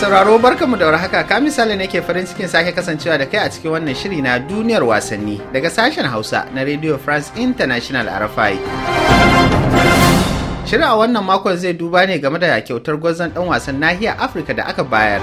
sauraro barkanmu da warhaka ka misali ke farin cikin sake kasancewa da kai a cikin wannan shiri na duniyar wasanni daga sashen Hausa na Radio France International RFI. Shirin a wannan makon zai duba ne game da kyautar gwazon ɗan wasan nahiyar Afirka da aka bayar.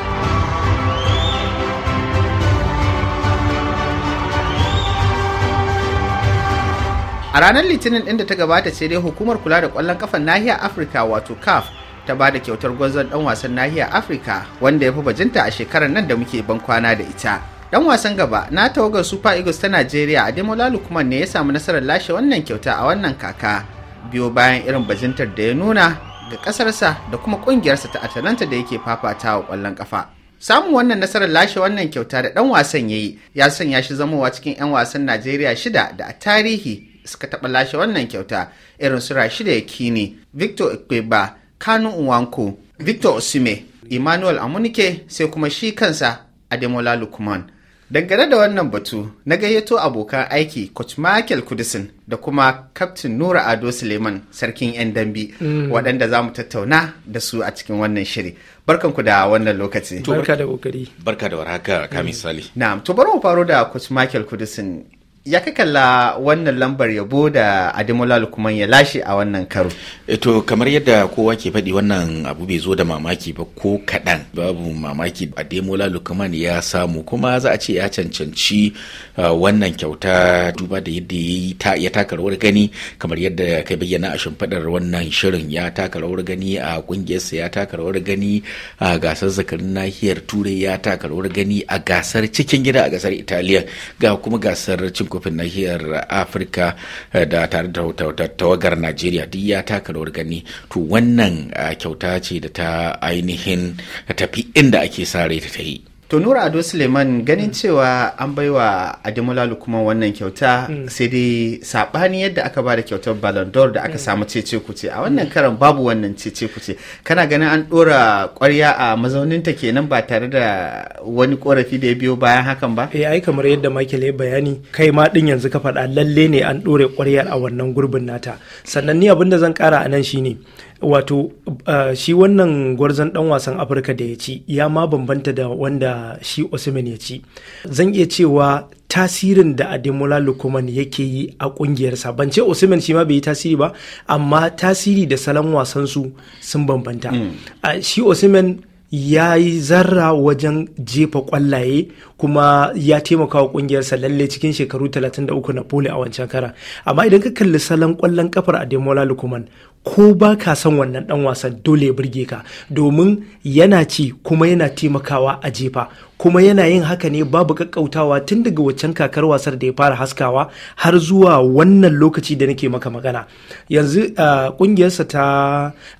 A ranar Litinin ɗin da ta gabata ce dai hukumar kula da kwallon ƙafar nahiyar Afirka wato CAF ta ba da kyautar gwanzon dan wasan nahiya afirka wanda ya fi bajinta a shekarar nan da muke ban kwana da ita dan wasan gaba na tawagar super eagles ta najeriya ademola lukman ne ya samu nasarar lashe wannan kyauta a wannan kaka biyo bayan irin bajintar da ya nuna ga kasarsa da kuma kungiyarsa ta atalanta da yake fafatawa kwallon kafa samun wannan nasarar lashe wannan kyauta da dan wasan ya yi ya sanya shi zamowa cikin 'yan wasan najeriya shida da a tarihi suka taɓa lashe wannan kyauta irin su rashida yakini victor ikpeba Kanu Nwanko, Victor Osime, Emmanuel Amunike sai kuma shi kansa Ademola Lukman. Dangane da wannan batu na gayyato abokan aiki Coach Michael Kudisin da kuma Captain Nura Ado Suleiman sarkin 'yan dambi mm. waɗanda za mu tattauna da su a cikin wannan shiri. Barkanku da wannan lokaci. Barka da kokari. Barka da warhaka kamisali mm. na Na'am, to bari mu faro da Coach Michael Kudisin ya ka kalla wannan lambar yabo da Adimola lukman ya lashe a wannan karo eh to kamar yadda kowa ke faɗi wannan abu bai zo da mamaki ba ko kaɗan babu mamaki ademola lukman ya samu kuma za a ce ya cancanci wannan kyauta duba da yadda ya taka rawar gani kamar yadda ka bayyana a shimfiɗar wannan shirin ya taka rawar gani a ƙungiyarsa ya taka rawar gani a gasar zakarin nahiyar turai ya taka rawar gani a gasar cikin gida a gasar italiya ga kuma gasar cikin kofin nahiyar afirka eh, da tare da tawagar najeriya duk ya taka rawar gani to wannan eh, kyauta ce da ta ainihin tafi inda ake sa rai ta yi to nura ado suleiman ganin mm. cewa an baiwa ademola lukman wannan kyauta mm. sai dai sabani yadda aka ba da kyautar ballon d'or da aka mm. samu cece kuce a wannan karan babu wannan cece kuce kana ganin an dora kwarya a mazauninta kenan ba tare da wani korafi da ya biyo bayan hakan ba eh ai kamar yadda michael ya bayani kai ma din yanzu ka faɗa lalle ne an dore kwarya a wannan gurbin nata sannan ni abin da zan kara a nan shine wato uh, shi wannan gwarzon dan wasan afirka da ya ci ya ma bambanta da wanda shi osimhen ya ci zan iya cewa tasirin da ademola lukman yake yi a kungiyarsa ban ce osimhen shi ma bai yi tasiri ba amma tasiri da salon wasan su sun bambanta mm. uh, shi osimhen ya yi zarra wajen jefa kwallaye kuma ya taimaka wa kungiyarsa lalle cikin shekaru 33 na poli a wancan kara amma idan ka kalli salon kwallon kafar ademola lukman ko ba ka san wannan dan wasan dole ya burge ka domin yana ci kuma yana taimakawa a jefa kuma yana yin haka ne babu kakkautawa tun daga waccan kakar wasar da ya fara haskawa har zuwa wannan lokaci da nake maka magana yanzu kungiyarsa ta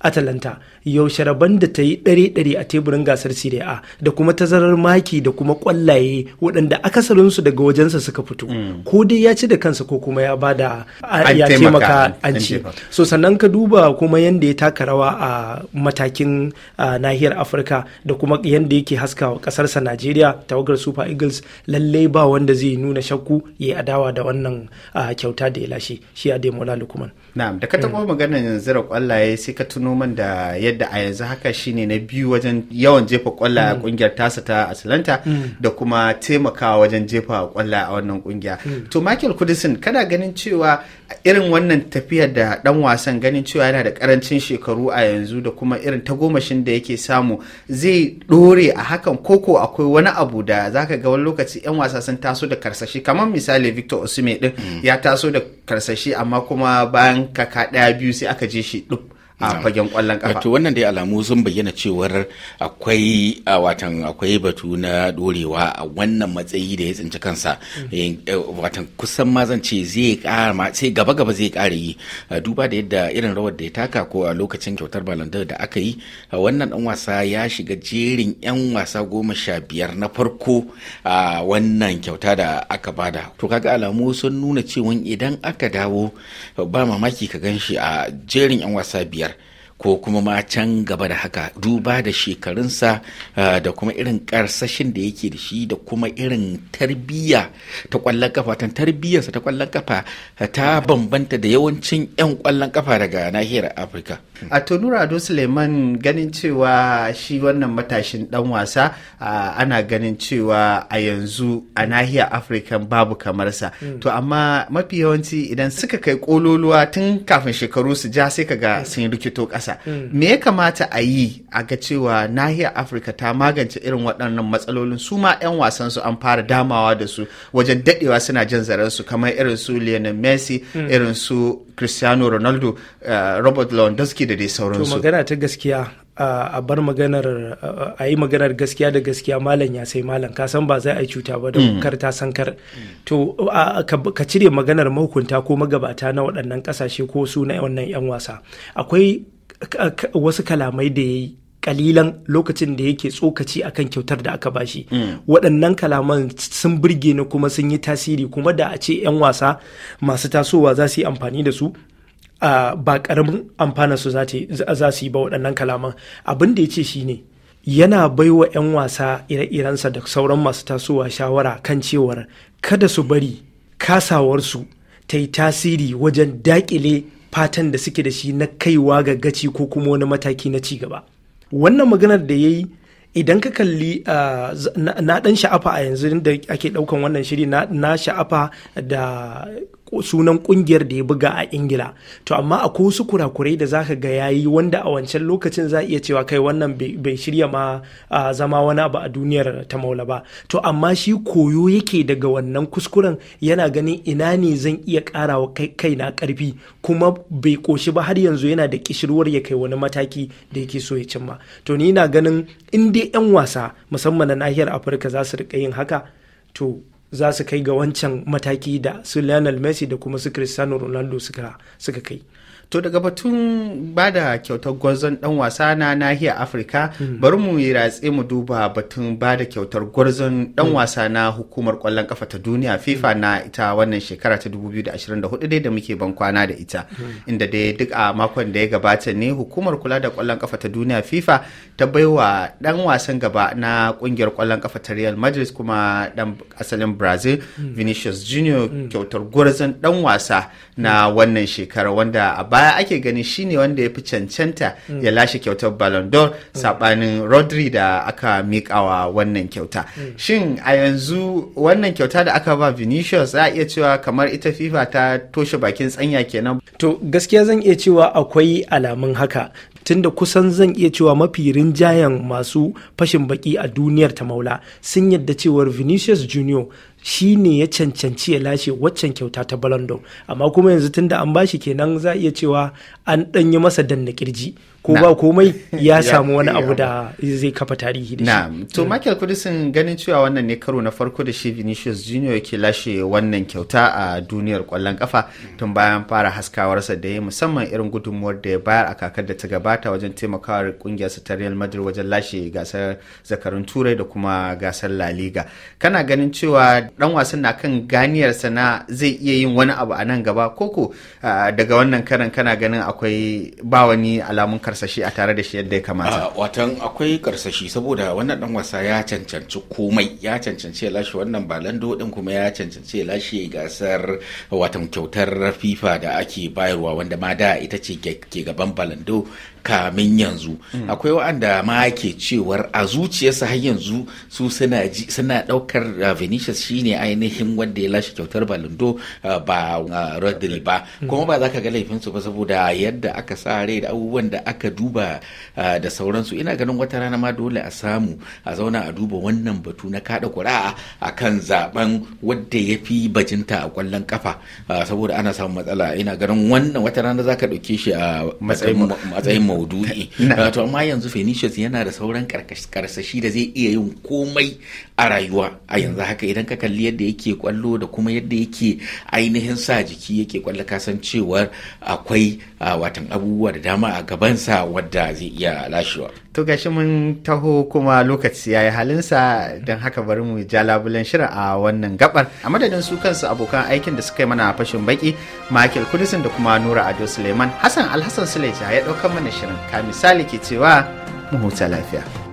atalanta yaushe rabon da ta yi dare-dare a teburin gasar serie a da kuma tazarar maki da kuma kwallaye iyaye waɗanda akasarinsu daga wajensa suka fito mm. ko dai ya ci da kansa ko kuma ya bada ya taimaka an ce so sannan ka duba kuma yanda ya taka rawa a matakin nahiyar afirka da kuma yadda yake haska wa ƙasarsa najeriya tawagar super eagles lallai ba wanda zai nuna shakku ya adawa da wannan kyauta da ya lashe shi a demola lukman na'am da ka mm. taɓa maganar da kwallaye sai ka tuno man da yadda a yanzu haka shine na biyu wajen yawan jefa kwallaye kungiyar mm. tasa ta atlanta da kuma kuma taimakawa wajen jefa kwallaye a wannan kungiya hmm. to michael kudisin kana ganin cewa irin wannan tafiyar da dan wasan ganin cewa yana da karancin shekaru a yanzu da kuma irin tagomashin da yake samu zai dore a hakan koko akwai wani abu da zaka ga wani lokaci yan wasa sun taso da karsashi kamar misali victor osimhen din hmm. ya taso da karsashi amma kuma bayan kaka daya biyu sai aka je shi duk a fagen kwallon kafa wato wannan dai alamu sun bayyana cewar akwai watan akwai batu na dorewa a wannan matsayi da ya tsinci kansa mm. eh, watan kusan ma zan ce zai kara sai gaba gaba zai kara yi duba da yadda irin rawar da ya taka ko a lokacin kyautar balandar da aka yi wannan ɗan wasa ya shiga jerin yan wasa goma sha biyar na farko a wannan kyauta da aka bada to kaga alamu sun nuna cewa idan aka dawo ba mamaki ka gan shi a jerin yan wasa biyar ko kuma ma can gaba da haka duba da shekarunsa ah, da kuma irin karsashin da yake da shi da kuma irin tarbiyya ta kwallon kafa ta tarbiyyarsa ta kwallon kafa ah, ta bambanta da yawancin 'yan kwallon kafa daga nahiyar afirka a ado suleiman ganin cewa shi wannan matashin dan wasa ana ganin cewa a yanzu a nahiyar afirka babu kamarsa hmm. to amma mafi yawanci idan suka kai kololuwa tun kafin shekaru su ja sai kaga hmm. sun rikito ƙasa hmm. me ya kamata a yi a ga cewa nahiyar afirka ta magance irin waɗannan matsalolin su ma 'yan wasan su an fara damawa da su wajen daɗewa suna jan zaren su kamar irin su lionel messi irin su cristiano ronaldo eh, robert lewandowski da dai sauransu to magana ta gaskiya a bar maganar a yi maganar gaskiya da gaskiya malam ya sai malam ka san ba zai a cuta ba da mm. kar ta san kar to ka cire maganar mahukunta ko magabata na waɗannan ƙasashe ko su na wannan 'yan wasa akwai wasu kalamai da ya yi kalilan lokacin da yake tsokaci akan kyautar da aka bashi mm. waɗannan kalaman sun birge ni kuma sun yi tasiri kuma da a ce 'yan wasa masu tasowa za su yi amfani da su ba ƙaramin su za su yi ba waɗannan kalaman abin da ya ce shi ne yana baiwa 'yan wasa ire-irensa da sauran masu tasowa shawara kan cewar kada su bari kasawarsu ta yi tasiri wajen dakile fatan da suke da shi na kaiwa ga gaci ko kuma wani mataki na ci gaba. wannan maganar da ya yi idan ka kalli na dan sha'afa a yanzu da ake daukan wannan shiri na sha'afa da sunan kungiyar da ya buga a ingila to amma akwai wasu kurakurai da zaka ga yayi wanda a wancan lokacin za iya cewa kai wannan bai shirya ma zama wani abu a duniyar ta maula ba to amma shi koyo yake daga wannan kuskuren yana ganin ina ne zan iya kai na karfi kuma bai koshi ba har yanzu yana da kishirwar ya kai wani mataki da yake so ya cimma to ni na ganin in dai yan wasa musamman na nahiyar afirka za su rika yin haka to za su kai ga wancan mataki da su Lionel Messi da kuma su Cristiano Ronaldo suka kai to daga batun ba da kyautar gwarzon dan wasa na nahiyar afirka hmm. bari mu yi ratse mu duba batun ba da kyautar gwarzon dan hmm. wasa na hukumar kwallon kafa ta duniya hmm. fifa na ita wannan shekara ta 2024 dai da muke ban kwana da ita inda dai duk a makon da ya gabata ne hukumar kula da kwallon kafa ta duniya fifa ta baiwa dan wasan gaba na kungiyar kwallon kafa ta real madrid kuma dan asalin brazil vinicius junior kyautar gwarzon dan wasa na wannan shekara wanda a baya ake gani shine wanda ya fi cancanta mm. ya lashe kyautar Ballon d'Or mm. sabanin Rodri da aka mikawa wannan kyauta. Mm. Shin a yanzu wannan kyauta da aka ba Vinicius za a iya cewa kamar ita FIFA ta toshe bakin tsanya kenan. To gaskiya zan iya cewa akwai alamun haka tunda kusan zan iya cewa mafi rinjayen masu fashin baki a duniyar ta maula sun yadda cewar Vinicius Junior shi ne ya cancanci ya lashe waccan kyauta ta balando amma kuma yanzu tunda an bashi kenan za iya cewa an danyi masa danna kirji ko ba komai ya samu wani abu da zai kafa tarihi da shi to michael kudisin ganin cewa wannan ne karo na farko da shi vinicius junior yake lashe wannan kyauta a duniyar kwallon kafa tun bayan fara haskawarsa da ya musamman irin gudunmuwar da ya bayar a kakar da ta gabata wajen taimakawa kungiyarsa ta real madrid wajen lashe gasar zakarun turai da kuma gasar la liga kana ganin cewa ɗan dan wasan na kan ganiyarsa na zai iya yin wani abu a nan gaba koko daga wannan karan kana ganin akwai ba wani alamun karsashi a tare da shi yadda ya kamata watan akwai karsashi saboda wannan dan wasa ya cancanci komai ya cancanci ya lashe wannan balando din kuma ya cancanci ya lashe gasar watan kyautar fifa da ake bayarwa wanda ma da ita ce ke gaban balando kamin yanzu akwai wa'anda ma ke cewar a zuciyarsa har yanzu su suna daukar uh, venetius shine ainihin wanda ya lashe kyautar balindo uh, ba uh, Rodri ba kuma ba za ka ga laifinsu ba saboda yadda aka sa rai da abubuwan da aka duba da sauransu ina ganin wata rana ma dole a samu a zauna a duba wannan batu na kada kuri'a a kan zaben wadda ya fi bajinta a kwallon kafa saboda ana samun matsala ina ganin wannan wata rana za ka ɗauke shi a matsayin maudu'i wato amma yanzu Phoenicians yana da sauran karsashi da zai iya yin komai a rayuwa a yanzu haka idan ka kalli yadda yake kwallo da kuma yadda yake ainihin sa jiki yake kwallo kasancewar akwai watan abubuwa da dama a gabansa wadda zai iya lashewa to gashi mun taho kuma lokaci yayi halinsa don haka bari mu ja labulen shirin a wannan gabar a madadin su kansu abokan aikin da suka yi mana fashin baki Michael Kudisin da kuma Nura Ado Suleiman Hassan Alhassan Suleja ya ɗaukar mana shirin ka misali ke cewa mu huta lafiya